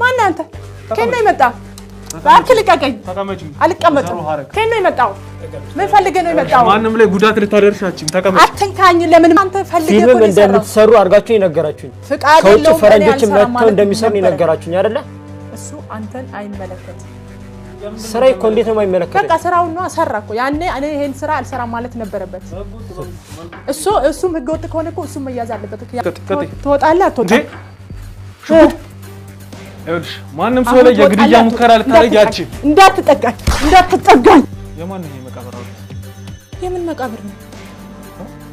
ማነህ አንተ? ከየት ነው እባክህ ልቀቀኝ። አልቀመጥም። ከየት ነው የመጣው? ምን ፈልገህ ነው የመጣው? ማንም ላይ ጉዳት ልታደርሻችም። አትንካኝ። ለምን አንተ ፈልገህ ፊልምም እንደምትሰሩ አድርጋችሁ የነገራችሁኝ፣ ከውጭ ፈረንጆችም መጥተው እንደሚሰሩ የነገራችሁኝ አይደለ? እሱ አንተን አይመለከትም። ስራ እኮ እንዴት ነው በቃ ነው ሰራ እኮ። ያኔ እኔ ይሄን ስራ አልሰራም ማለት ነበረበት። እሱ እሱም ህገወጥ ከሆነ እኮ እሱም መያዝ አለበት። ትወጣለህ አትወጣም? ይኸውልሽ ማንም ሰው ላይ የግድያ ሙከራ ልታደርጊ አትችይም። እንዳትጠጋኝ እንዳትጠጋኝ። የማን ነው የመቃብር ሐውልት? የምን መቃብር ነው?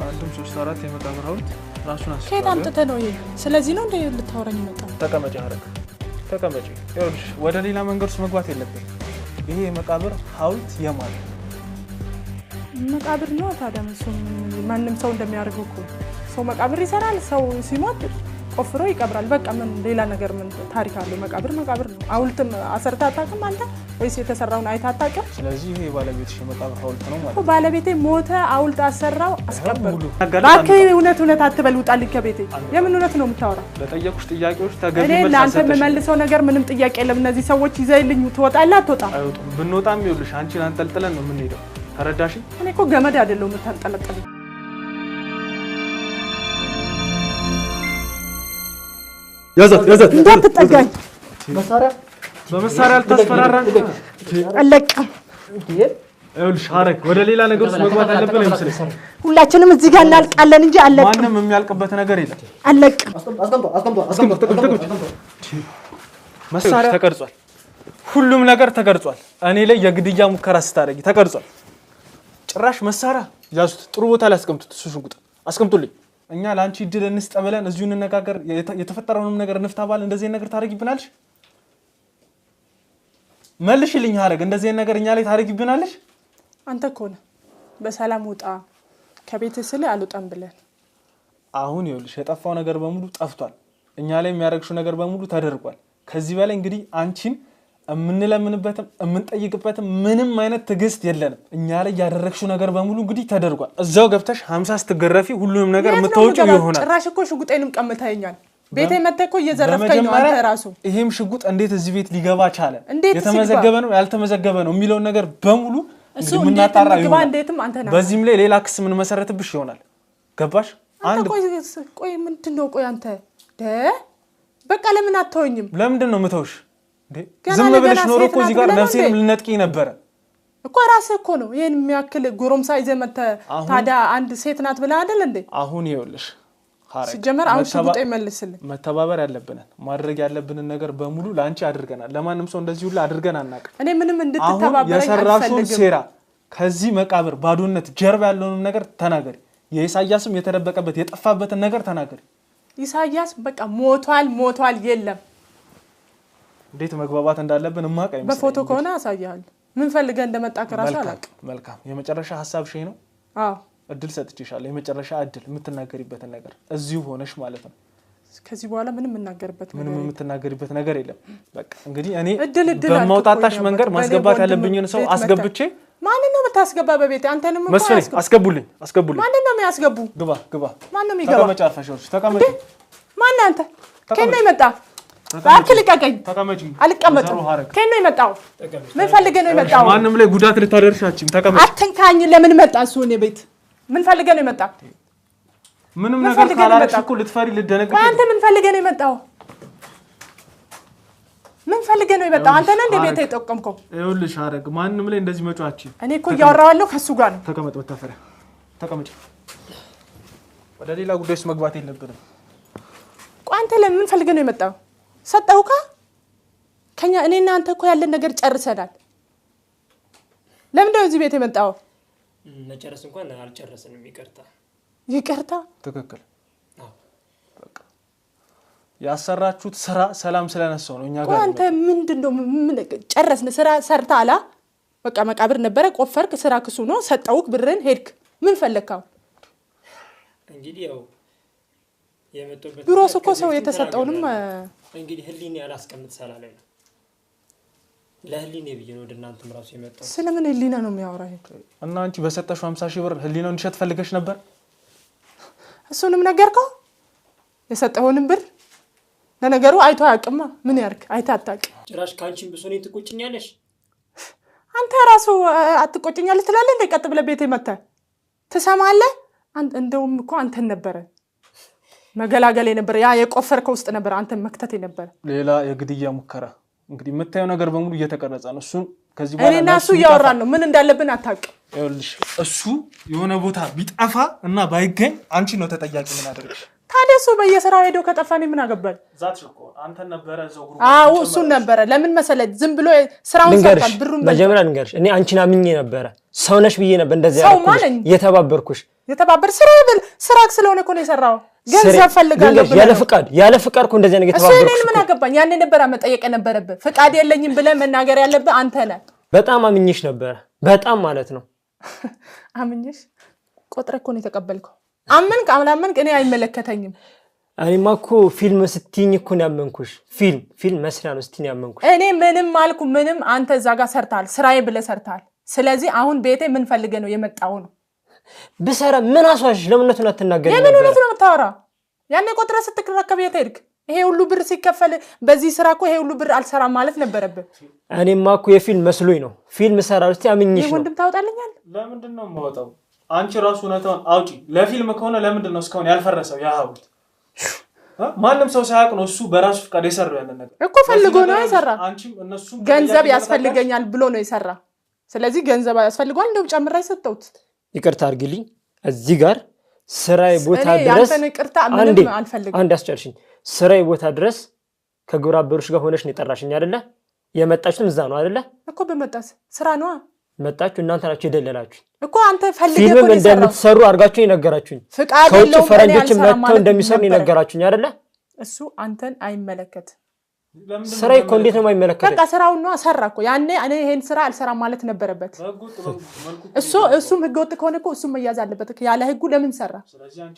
አንድም ሶስት አራት የመቃብር ሐውልት ራሱን አስ ከየት አምጥተህ ነው ይሄ? ስለዚህ ነው እንደ ልታወራኝ መጣ። ተቀመጪ አረግ ተቀመጪ። ይኸውልሽ ወደ ሌላ መንገድ ውስጥ መግባት የለብን። ይሄ የመቃብር ሐውልት የማን መቃብር ነው? ታዲያ ማንም ሰው እንደሚያደርገው እኮ ሰው መቃብር ይሰራል። ሰው ሲሞት ቆፍሮ ይቀብራል። በቃ ምን ሌላ ነገር ምን ታሪክ አለው? መቃብር መቃብር ነው። ሐውልትም አሰርታ አታውቅም አንተ ወይስ የተሰራውን አይታ አታውቅም? ስለዚህ ይሄ ባለቤትሽ የመቃብር ሐውልት ነው ማለት ነው። ባለቤቴ ሞተ፣ ሐውልት አሰራው፣ አስቀበሉ። እባክህ እውነት እውነት አትበል፣ ውጣልኝ ከቤቴ። የምን እውነት ነው የምታወራው? ለጠየቁሽ ጥያቄዎች ተገቢ መልስ ለአንተ የምመልሰው ነገር ምንም ጥያቄ የለም። እነዚህ ሰዎች ይዘህልኝ ትወጣለህ አትወጣም? ብንወጣም ይኸውልሽ አንቺን አንጠልጥለን ነው የምንሄደው። ተረዳሽኝ? እኔ እኮ ገመድ አይደለሁም የምታንጠለጥልኝ ያዛት ያዛት እንዳትጠጋኝ። በመሳሪያ አልታስፈራራም። አለቀም። ይኸውልሽ ሐረግ ወደ ሌላ ነገር ውስጥ መግባት አለብን አይመስልሽ? ሁላችንም እዚህ ጋር እናልቃለን እንጂ አለቅም። ማንም የሚያልቅበት ነገር የለም። አለቅም። መሳሪያ ተቀርጿል። ሁሉም ነገር ተቀርጿል። እኔ ላይ የግድያ ሙከራ ስታደርጊ ተቀርጿል። ጭራሽ መሳሪያ ያዙት። ጥሩ ቦታ ላይ አስቀምጡት። እሱ ሽንቁጥ አስቀምጡልኝ እኛ ለአንቺ እድል እንስጠ ብለን እዚሁ እንነጋገር፣ የተፈጠረውንም ነገር እንፍታ ባል እንደዚህ ነገር ታደርጊብናለሽ? መልሽልኝ ሀረግ፣ እንደዚህ ነገር እኛ ላይ ታደርጊብናለሽ? አንተ እኮ ነህ በሰላም ውጣ ከቤት ስል አልውጣም ብለን። አሁን ይኸውልሽ የጠፋው ነገር በሙሉ ጠፍቷል። እኛ ላይ የሚያደርግሽው ነገር በሙሉ ተደርጓል። ከዚህ በላይ እንግዲህ አንቺን የምንለምንበትም የምንጠይቅበትም ምንም አይነት ትዕግስት የለንም። እኛ ላይ ያደረግሽው ነገር በሙሉ እንግዲህ ተደርጓል። እዛው ገብተሽ ሀምሳ ስትገረፊ ሁሉንም ነገር የምታወጪው ይሆናል። ጭራሽ እኮ ሽጉጤንም ቀምተኸኛል። ቤቴ መተህ እኮ እየዘረፍከኝ ነው አንተ ራሱ። ይሄም ሽጉጥ እንዴት እዚህ ቤት ሊገባ ቻለ? የተመዘገበ ነው ያልተመዘገበ ነው የሚለውን ነገር በሙሉ የምናጣራ ይሆናል። በዚህም ላይ ሌላ ክስ የምንመሰረትብሽ ይሆናል። ገባሽ? ቆይ ምንድን ነው ቆይ አንተ በቃ ለምን አተወኝም? ለምንድን ነው ምተውሽ? ዝም ብለሽ ኖሮ እኮ እዚህ ጋር ነፍሴንም ልነጥቂኝ ነበረ እኮ ራስህ እኮ ነው ይህን የሚያክል ጎረምሳ ይዘህ መተህ ታዲያ አንድ ሴት ናት ብለህ አይደል እንዴ? አሁን ይኸውልሽ ሲጀመር አሁን ሽጉጤ መልስልኝ። መተባበር ያለብንን ማድረግ ያለብንን ነገር በሙሉ ለአንቺ አድርገናል። ለማንም ሰው እንደዚህ ሁሉ አድርገን አናውቅም። እኔ ምንም እንድትተባበረኝ የሰራሽውን ሴራ፣ ከዚህ መቃብር ባዶነት ጀርባ ያለውንም ነገር ተናገሪ። የኢሳያስም የተደበቀበት የጠፋበትን ነገር ተናገሪ። ኢሳያስ በቃ ሞቷል ሞቷል የለም እንዴት መግባባት እንዳለብን እማቀ በፎቶ ከሆነ አሳያል። ምን ፈልገ እንደመጣ ከራሱ አላውቅም። መልካም የመጨረሻ ሀሳብ ሽ ነው። አዎ እድል ሰጥቼሻለሁ። የመጨረሻ እድል የምትናገሪበትን ነገር እዚሁ ሆነሽ ማለት ነው። ከዚህ በኋላ ምንም የምናገርበት ምንም የምትናገሪበት ነገር የለም። በቃ እንግዲህ እኔ በማውጣታሽ መንገድ ማስገባት ያለብኝን ሰው አስገብቼ ማንን ነው የምታስገባ? በቤት አንተንም መስፈ አስገቡልኝ፣ አስገቡልኝ። ማንን ነው የሚያስገቡ? ግባ፣ ግባ። ማን ነው የሚገባ? ተቀመጫ አርፈሽ፣ ተቀመጭ። ማን አንተ? ከየት ይመጣ ባክ ልቀቀኝ። አልቀመጥም። ከእኔ ነው የመጣው። ምን ፈልገህ ነው የመጣው? ማንም ላይ ጉዳት ልታደርሻችን። ተቀመጭ። አትንካኝ። ለምን መጣ እሱ? እኔ ቤት ምን ፈልገህ ነው የመጣ? ምንም ነገር ካላረግሽ እኮ ልትፈሪ ልደነቅ። አንተ ምን ፈልገህ ነው የመጣው? ምን ፈልገህ ነው የመጣው? አንተ ነህ እንደ ቤት የጠቀምከው። ይኸውልሽ አረግ ማንም ላይ እንደዚህ መጫችን። እኔ እኮ እያወራዋለሁ ከእሱ ጋር ነው። ተቀመጥ። መታፈሪያ ተቀመጭ። ወደ ሌላ ጉዳዮች መግባት የለብንም። ቆይ አንተ ለምን ፈልገህ ነው የመጣው? ሰጠውካ ከኛ እኔ እናንተ እኮ ያለን ነገር ጨርሰናል። ለምንድነው እዚህ ቤት የመጣው? መጨረስ እንኳን አልጨረስንም። ይቅርታ ይቅርታ። ትክክል ያሰራችሁት ስራ ሰላም ስለነሳው ነው። እኛ ጋር አንተ ምንድን ነው ጨረስን። ስራ ሰርታ አላ በቃ መቃብር ነበረ፣ ቆፈርክ፣ ስራ ክሱ ነው፣ ሰጠውክ፣ ብርን ሄድክ። ምን ፈለግካው? እንግዲህ ያው ቢሮስ እኮ ሰው የተሰጠውንም እንግዲህ ህሊኔ አላስቀምጥ ሰላለኝ ለህሊኔ ብዬ ነው ወደ እናንተም ራሱ የመጣው። ስለምን ህሊና ነው የሚያወራ? እና አንቺ በሰጠሽው ሀምሳ ሺህ ብር ህሊና እንዲሸጥ ፈልገሽ ነበር? እሱንም ነገርከው? የሰጠውንም ብር ለነገሩ አይቶ አያውቅማ። ምን ያርክ? አይተ አታውቅም። ጭራሽ ከአንቺም ብሶኔ ትቆጭኛለሽ። አንተ ራሱ አትቆጭኛለሽ ትላለህ እንደ ቀጥ ብለህ ቤት መተህ እንደውም እኮ አንተን ነበረ መገላገል የነበረ ያ የቆፈርከው ውስጥ ነበር አንተ መክተት የነበረ ሌላ የግድያ ሙከራ እንግዲህ የምታየው ነገር በሙሉ እየተቀረጸ ነው። እሱን ከዚህ በኋላ እኔና እሱ እያወራን ነው። ምን እንዳለብን አታውቅም። ይኸውልሽ እሱ የሆነ ቦታ ቢጠፋ እና ባይገኝ አንቺ ነው ተጠያቂ። ምን አደረግሽ ታዲያ? እሱ በየስራው ሄዶ ከጠፋ እኔ ምን አገባኝ? አዎ እሱን ነበረ። ለምን መሰለ ዝም ብሎ ስራውን ሰርቷል። ብሩን መጀመሪያ ንገርሽ። እኔ አንቺን አምኜ ነበረ። ሰውነሽ ብዬ ነበር እንደዚህ እንደዚያ የተባበርኩሽ። የተባበር ስራ ስለሆነ እኮ ነው የሰራው ገንዘብ ፈልጋለሁ ያለ ፍቃድ ያለ ፍቃድ እኮ እንደዚህ ነገር ተባብሮ ምን አገባኝ? መጠየቅ ፍቃድ የለኝም ብለህ መናገር ያለብህ አንተ ነህ። በጣም አምኜሽ ነበረ። በጣም ማለት ነው አምኜሽ ቆጥረህ እኮ ነው የተቀበልከው። አመንክ አላመንክ እኔ አይመለከተኝም። እኔማ እኮ ፊልም እኮ ነው ያመንኩሽ። ፊልም ፊልም መስሪያ ነው ያመንኩሽ። እኔ ምንም አልኩ ምንም። አንተ እዛ ጋር ሰርተሃል፣ ስራዬ ብለህ ስለዚህ አሁን ቤቴ ምን ፈልገህ ነው የመጣው ነው ብሰራ ምን አስዋሽ? ለምን አትናገር? ለምን እውነቱን ነው የምታወራ? ያኔ ቆጥረ ስትረከብ የት ሄድክ? ይሄ ሁሉ ብር ሲከፈል በዚህ ስራ እኮ ይሄ ሁሉ ብር አልሰራም ማለት ነበረብህ። እኔማ እኮ የፊልም መስሎኝ ነው ፊልም ሰራ ውስጥ አምኜሽ ወንድም ታወጣልኛል። ለምንድን ነው የማወጣው? አንቺ ራሱ እውነታውን አውጪ። ለፊልም ከሆነ ለምንድን ነው እስካሁን ያልፈረሰው ያ ማንም ሰው ሳያውቅ ነው እሱ በራሱ ፈቃድ የሰራው ያንን ነገር እኮ ፈልጎ ነው የሰራ። ገንዘብ ያስፈልገኛል ብሎ ነው የሰራ። ስለዚህ ገንዘብ ያስፈልገዋል። እንደውም ጨምራ የሰጠሁት ይቅርታ አርግልኝ እዚህ ጋር ስራዬ ቦታ ድረስ አንድ አስጨርሽኝ። ስራዬ ቦታ ድረስ ከግብረ አበሮች ጋር ሆነሽ ነው የጠራሽኝ አይደለ? የመጣችሁትም እዛ ነው አይደለ? እኮ በመጣት ስራ ነዋ። መጣችሁ እናንተ ናችሁ የደለላችሁ እኮ። አንተ ፈልገህ ፊልምም እንደምትሰሩ አድርጋችሁ የነገራችሁኝ፣ ከውጭ ፈረንጆች መጥተው እንደሚሰሩ የነገራችሁኝ አይደለ? እሱ አንተን አይመለከት ስራ እኮ እንዴት ነው የማይመለከተው? በቃ ስራውን ነው ሰራ እኮ ያኔ እኔ ይሄን ስራ አልሰራ ማለት ነበረበት። እሱ እሱም ህገ ወጥ ከሆነ እኮ እሱም መያዝ አለበት። ያለ ህጉ ለምን ሰራ?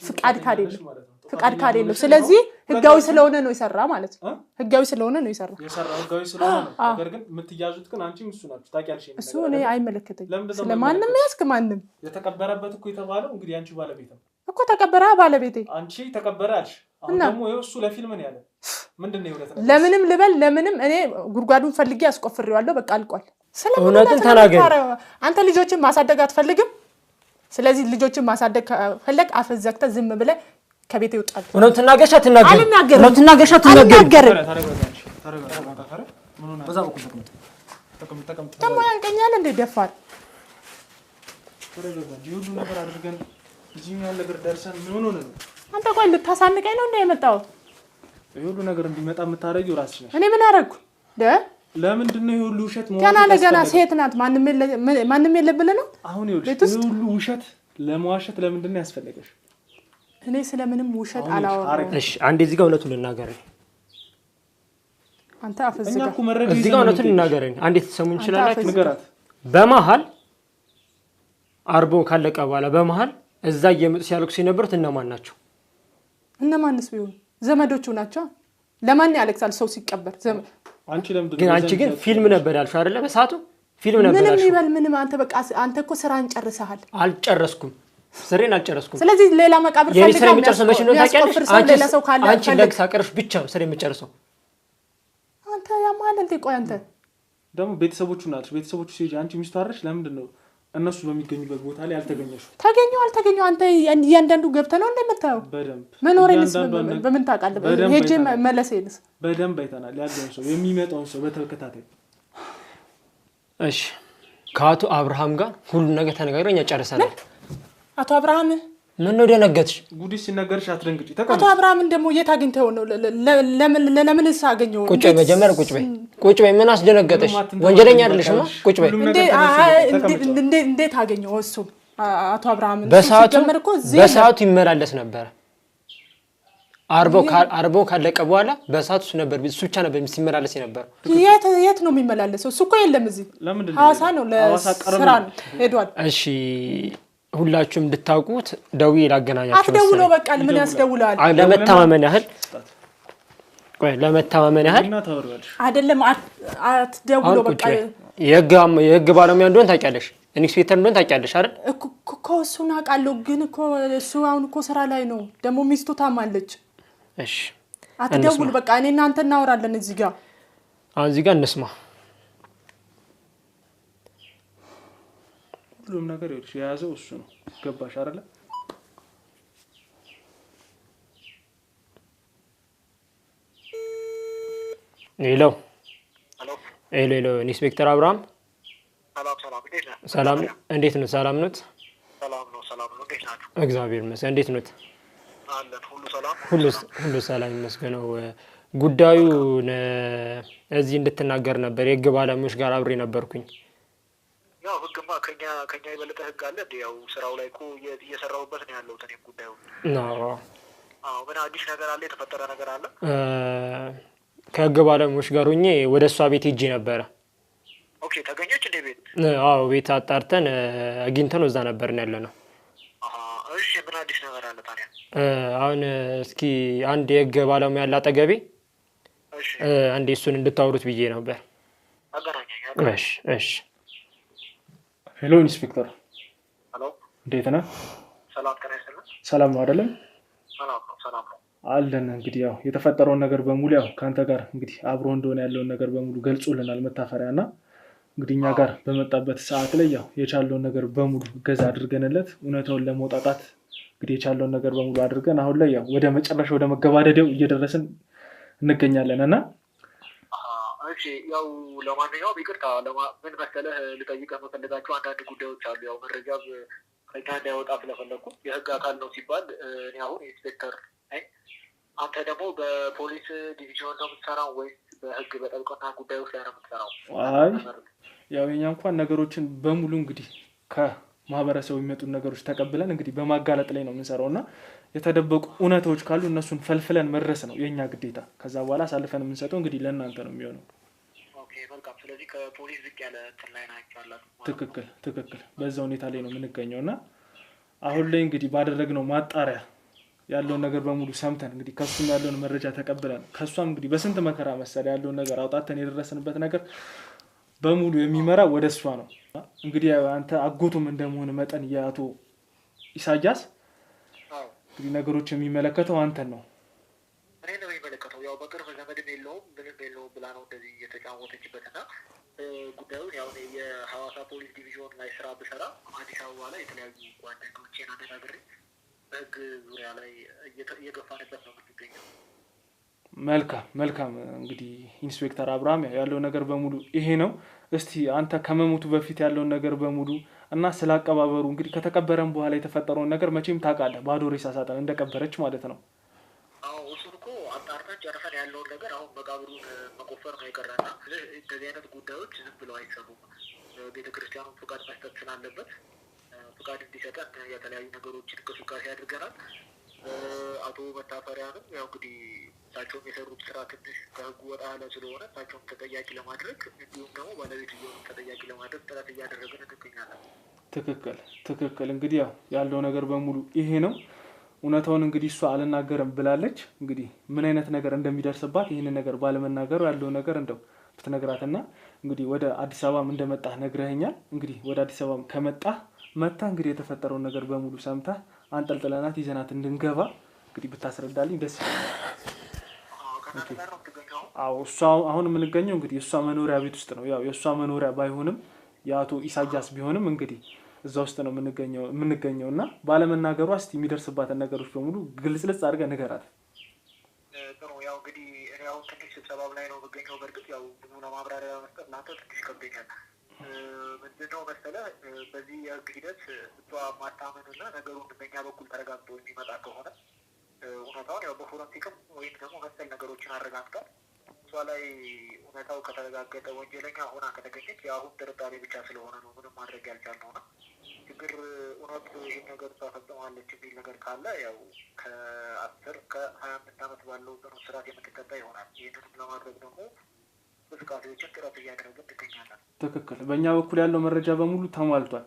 ፍቃድ ካደለ ፍቃድ ካደለ። ስለዚህ ህጋዊ ስለሆነ ነው የሰራ ማለት ነው። ህጋዊ ስለሆነ ነው የሰራ ህጋዊ ስለሆነ ነው። ነገር ግን የምትያዙት ግን አንቺም እሱ ናችሁ። ታውቂያለሽ። እሱ እኔ አይመለከተኝ ስለማንም ያስክ ማንም የተቀበረበት እኮ የተባለው እንግዲህ አንቺ ባለቤት ነው እኮ ተቀበረ። ባለቤቴ አንቺ ተቀበረ አልሽ። አሁን ደግሞ እሱ ለፊልም ነው ያለ ለምንም ልበል ለምንም እኔ ጉድጓዱን ፈልጌ አስቆፍሬዋለሁ። በቃ አልቋል። እውነትን ተናገር። አንተ ልጆችን ማሳደግ አትፈልግም። ስለዚህ ልጆችን ማሳደግ ከፈለግ አፍህን ዘግተህ ዝም ብለህ ከቤት ይውጣል። እውነት ትናገሻ ትናገር። ደግሞ ያንቀኛል አንተ ቆይ ነው እንደ የመጣሁት የሁሉ ነገር እንዲመጣ የምታደርጊው ራስሽ ነሽ። እኔ ምን አደረግኩ? ለምንድን ነው የሁሉ ውሸት? ገና ለገና ሴት ናት፣ ማንም የለብል ነው። አሁን ይኸውልሽ የሁሉ ውሸት ለመዋሸት ለምንድን ነው ያስፈለገሽ? እኔ ስለምንም ውሸት አላወራም። እሺ አንዴ እዚህ ጋር እውነቱን ልናገረኝ። አንተ አፈዝ እኛ እኮ መረጃ እዚህ ጋር እውነቱን ልናገረኝ። አንዴ ትሰሙኝ ይችላላችሁ። ንገራት። በመሀል አርቦ ካለቀ በኋላ በመሀል እዛ እየመጡ ሲያለቅሱ የነበሩት እነማን ናቸው? እነማንስ ቢሆን ዘመዶቹ ናቸው። ለማን ያለቅሳል ሰው ሲቀበር? ግን አንቺ ግን ፊልም ነበር ያልሽው አይደለ? በሰዓቱ ፊልም ነበር ምንም ይበል ምንም። አንተ በቃ አንተ እኮ ስራህን ጨርሰሃል። አልጨረስኩም፣ ስሬን አልጨረስኩም። ስለዚህ ሌላ መቃብር ፈልጋ የሚጨርሰው መቼ ነው ታውቂያለሽ? አንቺ ለቅሳ ቀርሽ ብቻ ነው ስሬ የምጨርሰው። አንተ ያማል እንዴ? ቆይ አንተ ደግሞ ቤተሰቦቹ ናቸው ቤተሰቦቹ ሲሄጂ አንቺ ሚስቱ አረሽ ለምንድን ነው እነሱ በሚገኙበት ቦታ ላይ አልተገኘሹ። ተገኘው አልተገኘው አንተ እያንዳንዱ ገብተህ ነው እንደምታየው። በደንብ መኖሬንስ በምን ታውቃለህ? ሄጄ መለሴንስ በደንብ አይተናል። ያለውን ሰው የሚመጣውን ሰው በተከታታይ እሺ። ከአቶ አብርሃም ጋር ሁሉ ነገር ተነጋግረን ጨርሰናል። አቶ አብርሃም ምን ነው ደነገጥሽ? ጉዲ ሲነገርሽ አትደንግጭ። አቶ አብርሃምን ደግሞ የት አግኝተው ነው? ለምን ለምንስ አገኘው? ቁጭ በይ መጀመሪያ ቁጭ በይ ቁጭ በይ። ምን አስደነገጠሽ? ወንጀለኛ አይደለሽማ። ቁጭ በይ። እንዴት አገኘኸው? እሱ አቶ አብርሃምን በሰዓቱ ይመላለስ ነበረ። አርቦ ካለቀ በኋላ በሰዓቱ እሱ ነበር፣ እሱ ብቻ ነበር ሲመላለስ ነበር። የት ነው የሚመላለሰው? እሱ እኮ የለም እዚህ ሐዋሳ ነው፣ ለስራ ነው ሄዷል። እሺ ሁላችሁም እንድታውቁት ደዊ ላገናኛቸው። አስደውሎ በቃል ምን ያስደውላል? ለመተማመን ያህል ለመተማመን ያህል አይደለም። አትደውሎ በቃ የህግ ባለሙያ እንደሆን ታውቂያለሽ፣ ኢንስፔክተር እንደሆን ታውቂያለሽ አይደል? እኮ እሱን አውቃለሁ፣ ግን እኮ እሱ አሁን እኮ ስራ ላይ ነው፣ ደግሞ ሚስቱ ታማለች። እሺ አትደውል በቃ እኔ እናንተ እናወራለን። እዚህ ጋር አሁን እዚህ ጋር እንስማ ሁሉም ነገር ይኸውልሽ የያዘው እሱ ነው። ገባሽ አይደለ? ሄሎ ሄሎ ሄሎ፣ ኢንስፔክተር አብርሃም ሰላም፣ እንዴት ነው? ሰላም ነው? ነው። ነው። ሰላም ሰላም ነት? እግዚአብሔር ይመስገን። እንዴት ነት? ሁሉ ሰላም ሁሉ ሰላም ይመስገነው። ጉዳዩ እዚህ እንድትናገር ነበር፣ የህግ ባለሙያዎች ጋር አብሬ ነበርኩኝ። ያው ህግማ ከኛ ከኛ የበለጠ ህግ አለ እንዴ? ያው ስራው ላይ እኮ እየሰራውበት ነው ያለሁት እኔም ጉዳዩን። ምን አዲስ ነገር አለ? የተፈጠረ ነገር አለ? ከህግ ባለሙያዎች ጋር ሆኜ ወደ እሷ ቤት ሄጄ ነበረ። ኦኬ ተገኘች እንዴ ቤት? አዎ ቤት አጣርተን አግኝተን እዛ ነበርን ያለ ነው። እሺ ምን አዲስ ነገር አለ ታዲያ? አሁን እስኪ አንድ የህግ ባለሙያ አጠገቢ አጠገቤ፣ አንዴ እሱን እንድታወሩት ብዬ ነበር። እሺ እሺ ሄሎ ኢንስፔክተር፣ እንዴት ነ ሰላም ነው አይደለም? አለን እንግዲህ ያው የተፈጠረውን ነገር በሙሉ ያው ከአንተ ጋር እንግዲህ አብሮ እንደሆነ ያለውን ነገር በሙሉ ገልጾልናል መታፈሪያ እና እንግዲህ እኛ ጋር በመጣበት ሰዓት ላይ ያው የቻለውን ነገር በሙሉ እገዛ አድርገንለት እውነታውን ለመውጣጣት እንግዲህ የቻለውን ነገር በሙሉ አድርገን አሁን ላይ ያው ወደ መጨረሻ ወደ መገባደደው እየደረስን እንገኛለን እና እሺ ያው ለማንኛውም ይቅርታ ምን መሰለህ ልጠይቀህ መፈለጋቸው አንዳንድ ጉዳዮች አሉ። ያው መረጃ ከኛ እንዳይወጣ ስለፈለግኩ የህግ አካል ነው ሲባል እኔ አሁን ኢንስፔክተር አንተ ደግሞ በፖሊስ ዲቪዥን ነው የምትሰራው ወይስ በህግ በጠብቅና ጉዳዮች ላይ ነው የምትሰራው? አይ ያው የኛ እንኳን ነገሮችን በሙሉ እንግዲህ ከማህበረሰቡ የሚመጡን ነገሮች ተቀብለን እንግዲህ በማጋለጥ ላይ ነው የምንሰራው እና የተደበቁ እውነቶች ካሉ እነሱን ፈልፍለን መድረስ ነው የእኛ ግዴታ። ከዛ በኋላ አሳልፈን የምንሰጠው እንግዲህ ለእናንተ ነው የሚሆነው። በቃ ስለዚህ ከፖሊስ ዝቅ ያለ እንትን ላይ ናቸው ትክክል ትክክል። በዛ ሁኔታ ላይ ነው የምንገኘው እና አሁን ላይ እንግዲህ ባደረግነው ማጣሪያ ያለውን ነገር በሙሉ ሰምተን እንግዲህ ከሱም ያለውን መረጃ ተቀብለን ከእሷም እንግዲህ በስንት መከራ መሰለ ያለውን ነገር አውጣተን የደረስንበት ነገር በሙሉ የሚመራ ወደ እሷ ነው። እንግዲህ አንተ አጎቱም እንደመሆን መጠን የአቶ ኢሳያስ እንግዲህ ነገሮች የሚመለከተው አንተን ነው። ብላ ነው እንደዚህ ና ጉዳዩን ያሁን የሀዋሳ ፖሊስ ዲቪዥን ላይ ስራ ብሰራ አዲስ አበባ ላይ የተለያዩ ጓደኞቼን አነጋግሬ በህግ ዙሪያ ላይ እየገፋንበት ነው የምትገኘው መልካም መልካም። እንግዲህ ኢንስፔክተር አብርሃም ያለው ነገር በሙሉ ይሄ ነው። እስቲ አንተ ከመሞቱ በፊት ያለውን ነገር በሙሉ እና ስለ አቀባበሩ እንግዲህ ከተቀበረም በኋላ የተፈጠረውን ነገር መቼም ታቃለ ባዶ ሬሳ ሳጥን እንደቀበረች ማለት ነው። ጨርሰን ያለውን ነገር አሁን መቃብሩን መቆፈር ነው የቀረና እንደዚህ አይነት ጉዳዮች ዝም ብለው አይሰሩም። ቤተ ክርስቲያኑ ፍቃድ መስጠት ስላለበት ፍቃድ እንዲሰጠን የተለያዩ ነገሮችን እንቅስቃሴ አድርገናል። አቶ መታፈሪያንም ያው እንግዲህ እሳቸውም የሰሩት ስራ ትንሽ ከህጉ ወጣ ያለ ስለሆነ እሳቸውም ተጠያቂ ለማድረግ እንዲሁም ደግሞ ባለቤት እየሆኑ ተጠያቂ ለማድረግ ጥረት እያደረግን እንገኛለን። ትክክል ትክክል። እንግዲህ ያው ያለው ነገር በሙሉ ይሄ ነው። እውነታውን እንግዲህ እሷ አልናገርም ብላለች። እንግዲህ ምን አይነት ነገር እንደሚደርስባት ይህንን ነገር ባለመናገሩ ያለው ነገር እንደው ብትነግራትና እንግዲህ ወደ አዲስ አበባም እንደመጣህ ነግረኸኛል። እንግዲህ ወደ አዲስ አበባም ከመጣህ መታ እንግዲህ የተፈጠረውን ነገር በሙሉ ሰምታ አንጠልጥለናት ይዘናት እንድንገባ እንግዲህ ብታስረዳልኝ ደስ ይላል። እሷ አሁን የምንገኘው እንግዲህ እሷ መኖሪያ ቤት ውስጥ ነው። ያው የእሷ መኖሪያ ባይሆንም የአቶ ኢሳያስ ቢሆንም እንግዲህ እዛ ውስጥ ነው የምንገኘው እና ባለመናገሯ እስቲ የሚደርስባትን ነገሮች በሙሉ ግልጽልጽ አድርገ ንገራት። ጥሩ ያው እንግዲህ እኔ አሁን ትንሽ ስብሰባም ላይ ነው የምገኘው። በእርግጥ ያው ብዙ ለማብራሪያ ለመስጠት እናንተ ትንሽ ከብዶኛል። ምንድነው መሰለ በዚህ የህግ ሂደት እሷ ማታመንና ነገሩን በእኛ በኩል ተረጋግጦ የሚመጣ ከሆነ እውነታውን ያው በፎረንሲክም ወይም ደግሞ መሰል ነገሮችን አረጋግጣል እሷ ላይ እውነታው ከተረጋገጠ ወንጀለኛ ሆና ከተገኘች የአሁን ጥርጣሬ ብቻ ስለሆነ ነው ምንም ማድረግ ያልቻልነው ነው ችግር እውነቱ ይህ ነገር እሷ ፈጽመዋለች የሚል ነገር ካለ ያው ከአስር ከሀያ አምስት ዓመት ባለው ጽኑ እስራት የምትቀጣ ይሆናል። ይህንንም ለማድረግ ደግሞ እንቅስቃሴዎችን ጥረት እያደረግን ትገኛለን። ትክክል። በእኛ በኩል ያለው መረጃ በሙሉ ተሟልቷል።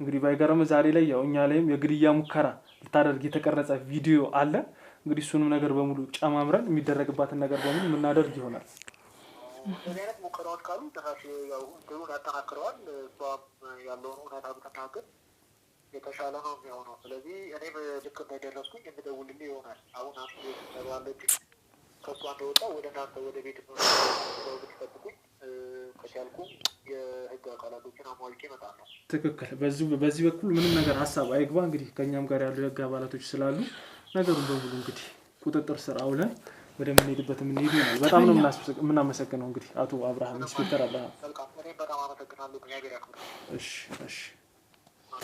እንግዲህ ባይገርም ዛሬ ላይ ያው እኛ ላይም የግድያ ሙከራ ልታደርግ የተቀረጸ ቪዲዮ አለ። እንግዲህ እሱንም ነገር በሙሉ ጨማምረን የሚደረግባትን ነገር በሙሉ የምናደርግ ይሆናል። እንደዚህ አይነት ሙከራዎች ካሉ ጭራሽ እንትኑን ያጠናክረዋል። እሷም ያለውን እውነታ ብትናገር የተሻለ ነው የሚሆነው። ስለዚህ እኔ ልክ እንደደረስኩኝ የምደውልልህ ይሆናል። አሁን አንዱ ሰባለች ከእሷ እንደወጣ ወደ እናንተ ወደ ቤት ብትጠብቁኝ ከቻልኩም የህግ አካላቶችን አሟልቼ እመጣለሁ። ትክክል። በዚህ በኩል ምንም ነገር ሀሳብ አይግባ። እንግዲህ ከእኛም ጋር ያሉ የህግ አባላቶች ስላሉ ነገሩን በሙሉ እንግዲህ ቁጥጥር ስር አውለን ወደምንሄድበት የምንሄዱ ይሆናል። በጣም ነው የምናመሰግነው። እንግዲህ አቶ አብርሃም ኢንስፔክተር አብርሃም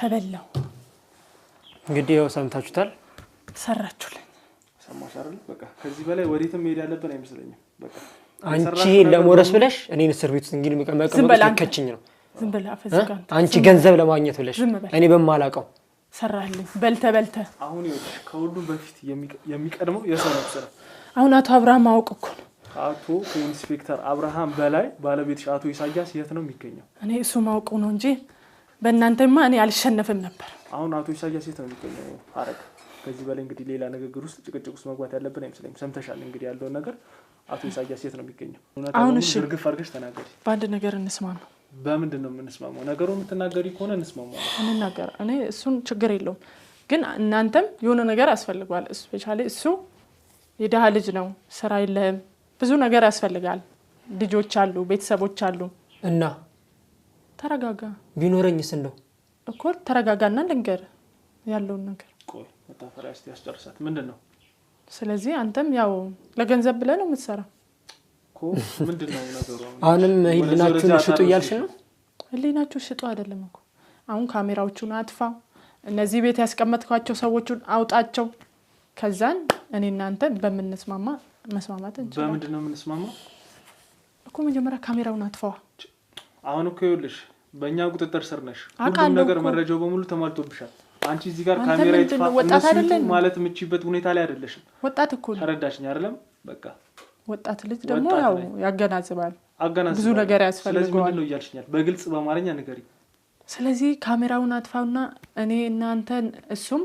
ተበላው። እንግዲህ ያው ሰምታችሁታል፣ ሰራችሁልኝ፣ ሰማሽ አይደል? በቃ ከዚህ በላይ ወዴትም መሄድ ያለብን አይመስለኝም። በቃ አንቺ ለሞረስ ብለሽ እኔን እስር ቤት ውስጥ እንግዲህ መቀመጥ ከችኝ ነው። አንቺ ገንዘብ ለማግኘት ብለሽ እኔ በማላውቀው ሰራልኝ። በልተ በልተ አሁን ከሁሉም በፊት የሚቀድመው የሰው ነፍስ ነው። አሁን አቶ አብርሃም አወቅ እኮ ነው። አቶ ኢንስፔክተር አብርሃም በላይ ባለቤትሽ አቶ ኢሳያስ የት ነው የሚገኘው? እኔ እሱ ማውቀው ነው እንጂ በእናንተማ እኔ አልሸነፍም ነበር። አሁን አቶ ኢሳያስ የት ነው የሚገኘው? አረግ ከዚህ በላይ እንግዲህ ሌላ ንግግር ውስጥ ጭቅጭቅ ውስጥ መግባት ያለብን አይመስለኝም። ሰምተሻል እንግዲህ ያለውን ነገር። አቶ ኢሳያስ የት ነው የሚገኘው? አሁን እሺ፣ እርግፍ አድርገሽ ተናገሪ። በአንድ ነገር እንስማማ። በምንድን ነው የምንስማማው? ነገሩ የምትናገሪ ከሆነ እንስማማ። እንናገር። እኔ እሱን ችግር የለውም ግን እናንተም የሆነ ነገር ያስፈልገዋል። ስፔሻሊ እሱ የድሃ ልጅ ነው፣ ስራ የለህም፣ ብዙ ነገር ያስፈልጋል፣ ልጆች አሉ፣ ቤተሰቦች አሉ። እና ተረጋጋ። ቢኖረኝስ እንደው እኮ ተረጋጋና ልንገር ያለውን ነገር ያስጨርሳት ምንድን ነው። ስለዚህ አንተም ያው ለገንዘብ ብለህ ነው የምትሰራው። አሁንም ህሊናችሁን ሽጡ እያልሽ ነው? ህሊናችሁ ሽጡ አይደለም እኮ አሁን ካሜራዎቹን አጥፋው፣ እነዚህ ቤት ያስቀመጥኳቸው ሰዎቹን አውጣቸው ከዛን እኔ እናንተን በምንስማማ መስማማት እንችላለን። በምንድን ነው የምንስማማ እኮ መጀመሪያ ካሜራውን አጥፋዋ። አሁን እኮ ይኸውልሽ በእኛ ቁጥጥር ስር ነሽ። ሁሉም ነገር መረጃው በሙሉ ተሟልቶብሻል። አንቺ እዚህ ጋር ካሜራ ይጥፋ ማለት የምችበት ሁኔታ ላይ አይደለሽም። ወጣት እኮ ተረዳሽኝ አይደለም? በቃ ወጣት ልጅ ደግሞ ያው ያገናዝባል፣ ብዙ ነገር ያስፈልገዋል። ስለዚህ ነው እያልሽኛል? በግልጽ በአማርኛ ንገሪ ስለዚህ ካሜራውን አጥፋውና እኔ እናንተን እሱም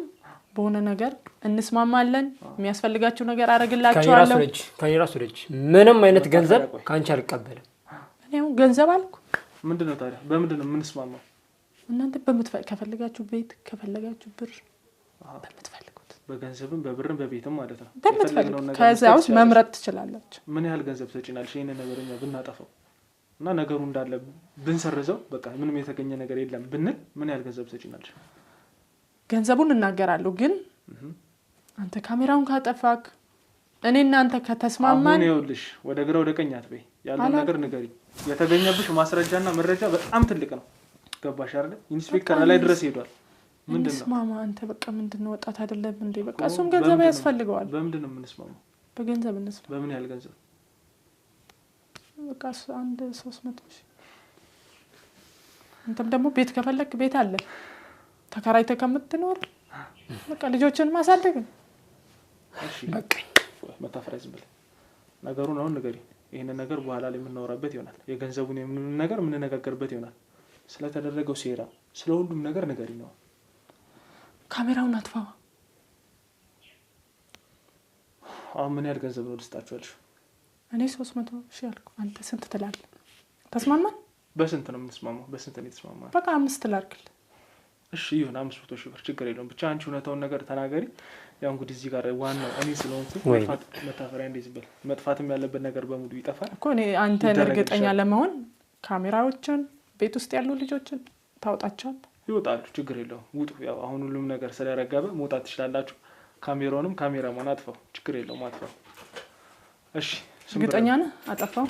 በሆነ ነገር እንስማማለን። የሚያስፈልጋቸው ነገር አረግላቸዋለሁ። ከራሱ ልጅ ምንም አይነት ገንዘብ ከአንቺ አልቀበልም። እኔ ገንዘብ አልኩ። ምንድን ነው ታዲያ? በምንድን ነው የምንስማማው? እናንተ ከፈለጋችሁ ቤት፣ ከፈለጋችሁ ብር፣ በምትፈልጉት በገንዘብም በብርም በቤትም ማለት ነው። በምትፈልጉት ከዚያ ውስጥ መምረጥ ትችላላችሁ። ምን ያህል ገንዘብ ተጭናለሽ? ይህን ነገር እኛ ብናጠፋው እና ነገሩ እንዳለ ብንሰርዘው፣ በቃ ምንም የተገኘ ነገር የለም ብንል ምን ያህል ገንዘብ ተጭናለሽ? ገንዘቡን እናገራለሁ ግን አንተ ካሜራውን ካጠፋክ እኔ እናንተ ከተስማማን ይኸውልሽ፣ ወደ ግራ ወደ ቀኝ አትበይ፣ ያለውን ነገር ንገሪ። የተገኘብሽ ማስረጃና መረጃ በጣም ትልቅ ነው። ገባሽ አለ ኢንስፔክተር ላይ ድረስ ሄዷል። ምንድን አንተ በቃ ምንድን ወጣት አይደለም እን በቃ እሱም ገንዘብ ያስፈልገዋል። በምንድን ነው የምንስማማው? በገንዘብ እንስማ። በምን ያህል ገንዘብ? በቃ አንድ ሶስት መቶ ሺህ። አንተም ደግሞ ቤት ከፈለግ ቤት አለ። ተከራይተ ከምትኖር በቃ ልጆችን ማሳደግ ነው። መታፈሪያ ዝም ብለህ ነገሩን አሁን ይህንን ነገር በኋላ ላይ የምናወራበት ይሆናል። የገንዘቡን የምንም ነገር የምንነጋገርበት ይሆናል። ስለተደረገው ሴራ፣ ስለ ሁሉም ነገር ንገሪኝ ነው። ካሜራውን አትፋዋ አሁን ምን ያህል ገንዘብ ነው ልስጣችሁ እኔ ሶስት መቶ ሺ አልኩ። አንተ ስንት ትላለህ? ተስማማል በስንት ነው የምንስማማው? በስንት ነው የተስማማ በቃ አምስት ላድርግልህ እሺ ይሁን፣ አምስት መቶ ሺህ ብር ችግር የለውም። ብቻ አንቺ እውነታውን ነገር ተናገሪ። ያው እንግዲህ እዚህ ጋር ዋናው እኔ ስለሆንኩ መጥፋት መታፈሪያ እንዴት ይበል፣ መጥፋትም ያለበት ነገር በሙሉ ይጠፋል እኮ። እኔ አንተን እርግጠኛ ለመሆን ካሜራዎችን፣ ቤት ውስጥ ያሉ ልጆችን ታውጣቸዋል። ይወጣሉ፣ ችግር የለውም። ውጡ። ያው አሁን ሁሉም ነገር ስለረገበ መውጣት ትችላላችሁ። ካሜራውንም ካሜራማን አጥፋው፣ ችግር የለውም። አጥፋው። እሺ፣ እርግጠኛ ነህ? አጠፋው።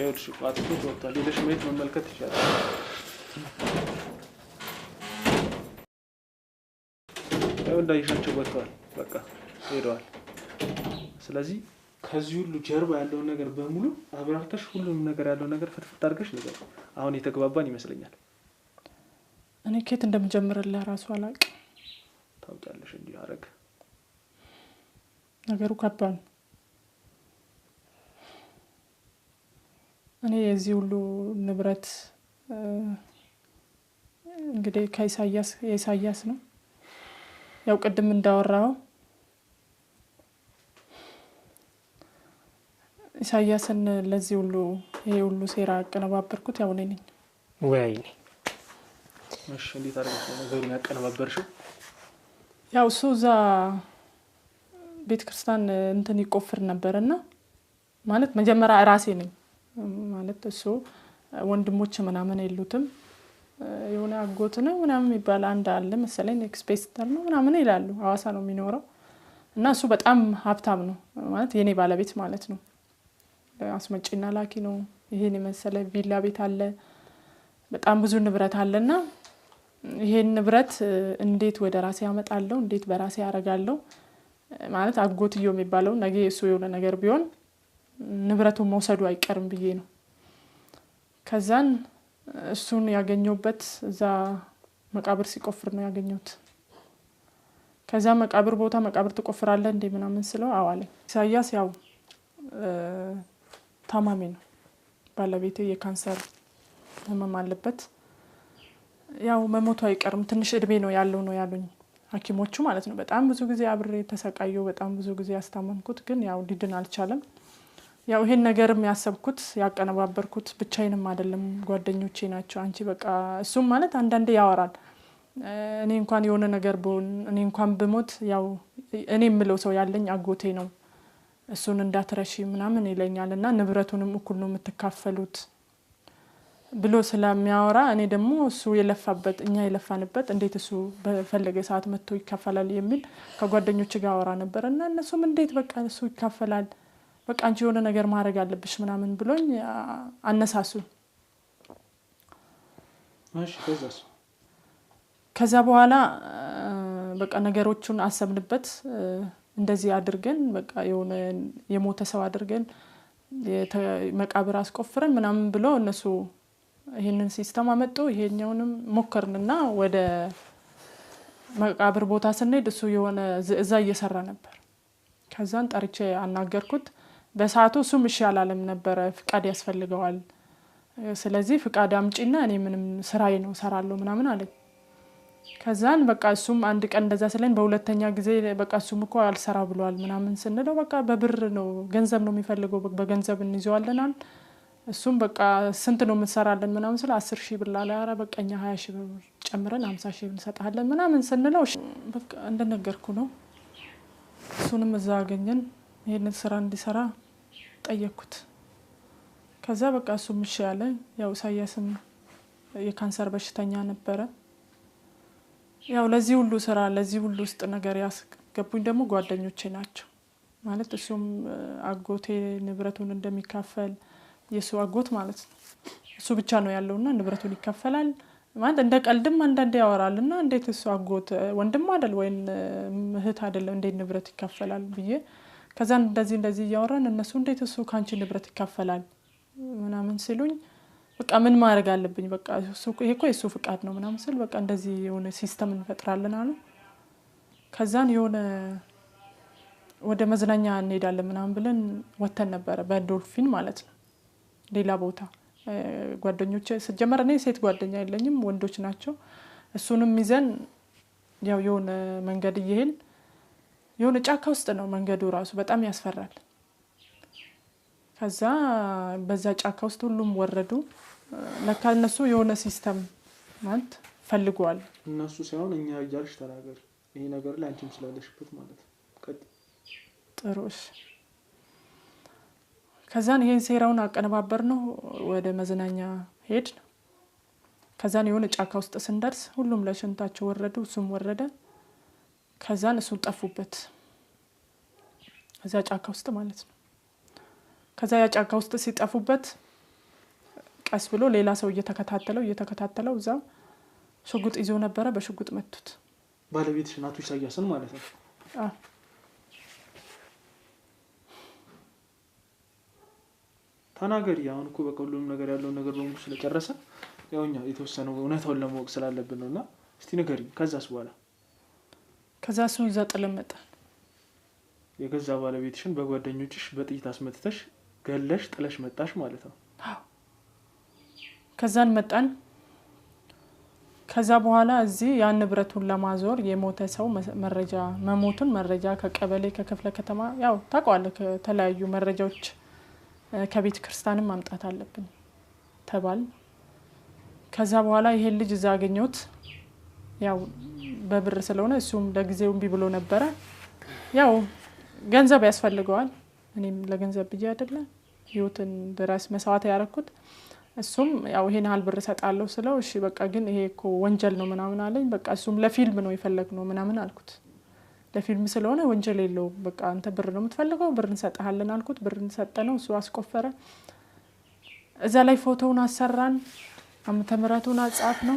ይኸውልሽ አጥፎ ወጥቷል። ሌሎች መሄድ መመልከት ይችላል። እንዳይሻቸው ወጥተዋል፣ በቃ ሄደዋል። ስለዚህ ከዚህ ሁሉ ጀርባ ያለውን ነገር በሙሉ አብራርተሽ ሁሉንም ነገር ያለውን ነገር ፍትፍት አድርገሽ ነገር አሁን የተግባባን ይመስለኛል። እኔ ኬት እንደምጀምርልህ ራሱ አላውቅም። ታውቂያለሽ እንጂ አረግ ነገሩ ከባድ ነው። እኔ የዚህ ሁሉ ንብረት እንግዲህ ከኢሳያስ የኢሳያስ ነው ያው ቅድም እንዳወራው ኢሳያስን ለዚህ ሁሉ ይሄ ሁሉ ሴራ ያቀነባበርኩት ያው እኔ ነኝ። ወያይ እንዴት አድርገሽ ነገሩን ያቀነባበርሽው? ያው እሱ እዛ ቤተ ክርስቲያን እንትን ይቆፍር ነበር እና ማለት መጀመሪያ ራሴ ነኝ ማለት እሱ ወንድሞች ምናምን የሉትም የሆነ አጎት ነው ምናምን የሚባል አንድ አለ መሰለኝ ኤክስፔስተር ነው ምናምን ይላሉ። ሀዋሳ ነው የሚኖረው እና እሱ በጣም ሀብታም ነው ማለት የኔ ባለቤት ማለት ነው። አስመጪና ላኪ ነው። ይሄን የመሰለ ቪላ ቤት አለ፣ በጣም ብዙ ንብረት አለ እና ይሄን ንብረት እንዴት ወደ ራሴ ያመጣለው እንዴት በራሴ ያደርጋለው ማለት አጎትዮ የሚባለው ነገ እሱ የሆነ ነገር ቢሆን ንብረቱን መውሰዱ አይቀርም ብዬ ነው ከዛን እሱን ያገኘበት እዛ መቃብር ሲቆፍር ነው ያገኘት። ከዛ መቃብር ቦታ መቃብር ትቆፍራለህ እንደ ምናምን ስለው አዋለ ኢሳያስ ያው ታማሚ ነው፣ ባለቤቴ የካንሰር ህመም አለበት። ያው መሞቱ አይቀርም ትንሽ እድሜ ነው ያለው ነው ያሉኝ ሐኪሞቹ ማለት ነው። በጣም ብዙ ጊዜ አብሬ ተሰቃየው፣ በጣም ብዙ ጊዜ ያስታመምኩት ግን ያው ሊድን አልቻለም። ያው ይሄን ነገርም ያሰብኩት ያቀነባበርኩት ብቻዬንም አይደለም፣ ጓደኞቼ ናቸው። አንቺ በቃ እሱም ማለት አንዳንዴ ያወራል። እኔ እንኳን የሆነ ነገር ብሆን እኔ እንኳን ብሞት ያው እኔ የምለው ሰው ያለኝ አጎቴ ነው። እሱን እንዳትረሺ ምናምን ይለኛል እና ንብረቱንም እኩል ነው የምትካፈሉት ብሎ ስለሚያወራ እኔ ደግሞ እሱ የለፋበት እኛ የለፋንበት እንዴት እሱ በፈለገ ሰዓት መጥቶ ይካፈላል የሚል ከጓደኞች ጋር አወራ ነበር እና እነሱም እንዴት በቃ እሱ ይካፈላል በቃ አንቺ የሆነ ነገር ማድረግ አለብሽ ምናምን ብሎኝ አነሳሱኝ። ከዛ በኋላ በቃ ነገሮቹን አሰብንበት። እንደዚህ አድርገን በቃ የሆነ የሞተ ሰው አድርገን መቃብር አስቆፍረን ምናምን ብሎ እነሱ ይሄንን ሲስተም አመጡ። ይሄኛውንም ሞከርንና ወደ መቃብር ቦታ ስንሄድ እሱ የሆነ እዛ እየሰራ ነበር። ከዛን ጠርቼ አናገርኩት። በሰዓቱ እሱም እሺ አላለም ነበረ፣ ፍቃድ ያስፈልገዋል። ስለዚህ ፍቃድ አምጪና እኔ ምንም ስራዬ ነው ሰራለሁ ምናምን አለኝ። ከዛን በቃ እሱም አንድ ቀን እንደዛ ስለኝ፣ በሁለተኛ ጊዜ በቃ እሱም እኮ አልሰራ ብሏል ምናምን ስንለው በቃ በብር ነው ገንዘብ ነው የሚፈልገው በገንዘብ እንይዘዋለናል። እሱም በቃ ስንት ነው የምትሰራለን ምናምን ስለ አስር ሺህ ብላ ላለ ኧረ በቃ እኛ ሀያ ሺህ ብር ጨምረን ሀምሳ ሺህ ብር እንሰጥሃለን ምናምን ስንለው በቃ እንደነገርኩ ነው። እሱንም እዛ አገኘን ይህንን ስራ እንዲሰራ ጠየቅኩት። ከዛ በቃ እሱ ምሽ ያለ። ያው ኢሳያስም የካንሰር በሽተኛ ነበረ። ያው ለዚህ ሁሉ ስራ ለዚህ ሁሉ ውስጥ ነገር ያስገቡኝ ደግሞ ጓደኞቼ ናቸው። ማለት እሱም አጎቴ ንብረቱን እንደሚካፈል የእሱ አጎት ማለት ነው። እሱ ብቻ ነው ያለው እና ንብረቱን ይከፈላል ማለት እንደ ቀልድም አንዳንድ ያወራል እና እንዴት እሱ አጎት ወንድም አይደል ወይም እህት አይደለም እንዴት ንብረት ይከፈላል ብዬ ከዛን እንደዚህ እንደዚህ እያወራን እነሱ እንዴት እሱ ከአንቺ ንብረት ይካፈላል ምናምን ሲሉኝ በቃ ምን ማድረግ አለብኝ? በቃ ይሄ እኮ የእሱ ፍቃድ ነው ምናምን ስል በቃ እንደዚህ የሆነ ሲስተም እንፈጥራለን አሉ። ከዛን የሆነ ወደ መዝናኛ እንሄዳለን ምናምን ብለን ወተን ነበረ፣ በዶልፊን ማለት ነው። ሌላ ቦታ ጓደኞች ስጀመር እኔ ሴት ጓደኛ የለኝም፣ ወንዶች ናቸው። እሱንም ይዘን ያው የሆነ መንገድ እየሄን የሆነ ጫካ ውስጥ ነው መንገዱ ራሱ በጣም ያስፈራል። ከዛ በዛ ጫካ ውስጥ ሁሉም ወረዱ። ለካ እነሱ የሆነ ሲስተም ማለት ፈልገዋል። እነሱ ሳይሆን እኛ እያልሽ ተናገር። ይሄ ነገር ላይ አንቺም ስላለሽበት ማለት ነው። ጥሩ እሺ። ከዛን ይሄን ሴራውን አቀነባበር ነው ወደ መዝናኛ ሄድ ነው። ከዛን የሆነ ጫካ ውስጥ ስንደርስ ሁሉም ለሽንታቸው ወረዱ፣ እሱም ወረደ። ከዛ እነሱን ጠፉበት እዚያ ጫካ ውስጥ ማለት ነው። ከዛ ያ ጫካ ውስጥ ሲጠፉበት ቀስ ብሎ ሌላ ሰው እየተከታተለው እየተከታተለው እዛም ሽጉጥ ይዞ ነበረ። በሽጉጥ መቱት። ባለቤትሽ ናቱ ኢሳያስን ማለት ነው። ተናገሪ። አሁን እኮ በቃ ሁሉም ነገር ያለውን ነገር በሙሉ ስለጨረሰ ያው እኛ የተወሰነው እውነታውን ለማወቅ ስላለብን ነው እና እስቲ ንገሪ ከዛስ በኋላ ከዛ ሰው እዛ ጥለመጠ። የገዛ ባለቤትሽን በጓደኞችሽ በጥይት አስመትተሽ ገለሽ ጥለሽ መጣሽ ማለት ነው። ከዛን መጣን። ከዛ በኋላ እዚህ ያን ንብረቱን ለማዞር የሞተ ሰው መረጃ መሞቱን መረጃ ከቀበሌ ከክፍለ ከተማ ያው ታውቀዋለህ፣ ከተለያዩ መረጃዎች ከቤተ ክርስቲያንም ማምጣት አለብን ተባል። ከዛ በኋላ ይሄን ልጅ እዛ አገኘሁት። ያው በብር ስለሆነ እሱም ለጊዜው እምቢ ብሎ ነበረ። ያው ገንዘብ ያስፈልገዋል። እኔም ለገንዘብ ብዬ አይደለ ህይወትን ድረስ መስዋዕት ያደረኩት። እሱም ያው ይሄን ያህል ብር እሰጣለሁ ስለው እሺ በቃ ግን ይሄ እኮ ወንጀል ነው ምናምን አለኝ። በቃ እሱም ለፊልም ነው የፈለግነው ምናምን አልኩት። ለፊልም ስለሆነ ወንጀል የለውም። በቃ አንተ ብር ነው የምትፈልገው፣ ብር እንሰጠሃለን አልኩት። ብር እንሰጠ ነው እሱ አስቆፈረ። እዛ ላይ ፎቶውን አሰራን፣ ዓመተ ምሕረቱን አጻፍ ነው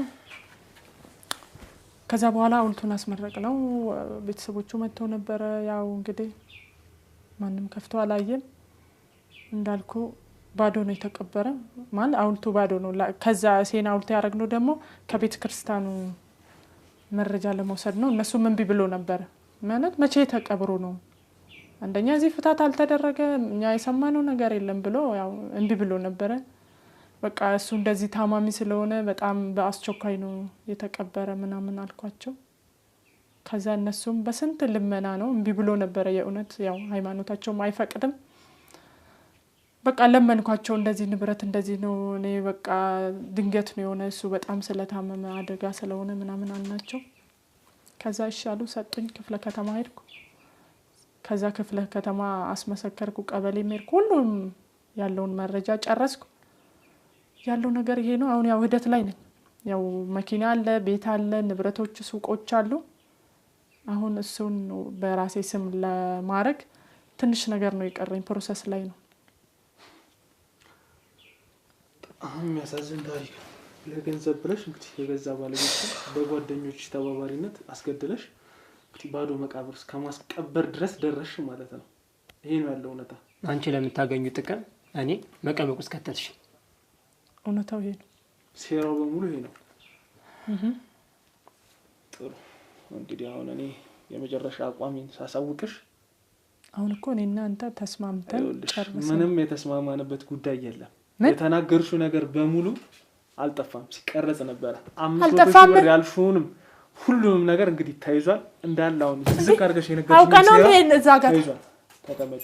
ከዛ በኋላ ሐውልቱን አስመረቅ ነው። ቤተሰቦቹ መጥተው ነበረ። ያው እንግዲህ ማንም ከፍቶ አላየም። እንዳልኩ ባዶ ነው የተቀበረ። ማለት ሐውልቱ ባዶ ነው። ከዛ ሴን ሐውልቱ ያደረግነው ደግሞ ከቤተ ክርስቲያኑ መረጃ ለመውሰድ ነው። እነሱ እምቢ ብሎ ነበረ። ማለት መቼ ተቀብሮ ነው አንደኛ እዚህ ፍታት አልተደረገ እኛ የሰማነው ነገር የለም ብሎ ያው እምቢ ብሎ ነበረ። በቃ እሱ እንደዚህ ታማሚ ስለሆነ በጣም በአስቸኳይ ነው የተቀበረ ምናምን አልኳቸው። ከዛ እነሱም በስንት ልመና ነው እምቢ ብሎ ነበረ። የእውነት ያው ሃይማኖታቸውም አይፈቅድም። በቃ ለመንኳቸው፣ እንደዚህ ንብረት እንደዚህ ነው እኔ በቃ ድንገት ነው የሆነ እሱ በጣም ስለታመመ አደጋ ስለሆነ ምናምን አልናቸው። ከዛ ይሻሉ ሰጡኝ። ክፍለ ከተማ ሄድኩ። ከዛ ክፍለ ከተማ አስመሰከርኩ፣ ቀበሌ ሄድኩ፣ ሁሉም ያለውን መረጃ ጨረስኩ። ያለው ነገር ይሄ ነው። አሁን ያው ሂደት ላይ ነኝ። ያው መኪና አለ፣ ቤት አለ፣ ንብረቶች፣ ሱቆች አሉ። አሁን እሱን በራሴ ስም ለማድረግ ትንሽ ነገር ነው የቀረኝ፣ ፕሮሰስ ላይ ነው። አሁን የሚያሳዝን ታሪክ ለገንዘብ ብለሽ እንግዲህ የገዛ ባለቤት በጓደኞች ተባባሪነት አስገድለሽ እንግዲህ ባዶ መቃብር እስከማስቀበር ድረስ ደረሽ ማለት ነው። ይሄ ነው ያለው እውነታ። አንቺ ለምታገኙ ጥቅም እኔ መቀመቁ እስከተትሽ እውነታው ይሄ ነው። ሴራው በሙሉ ይሄ ነው። ጥሩ እንግዲህ አሁን እኔ የመጨረሻ አቋሚን ሳሳውቅሽ፣ አሁን እኮ እኔ እናንተ ተስማምተን ምንም የተስማማንበት ጉዳይ የለም። የተናገርሽው ነገር በሙሉ አልጠፋም፣ ሲቀረጽ ነበረ። አምስት መቶ ያልሽውንም ሁሉንም ነገር እንግዲህ ተይዟል እንዳለ አሁን ዝቅ አድርገሽ ነው። ተይዟል። ተቀመጭ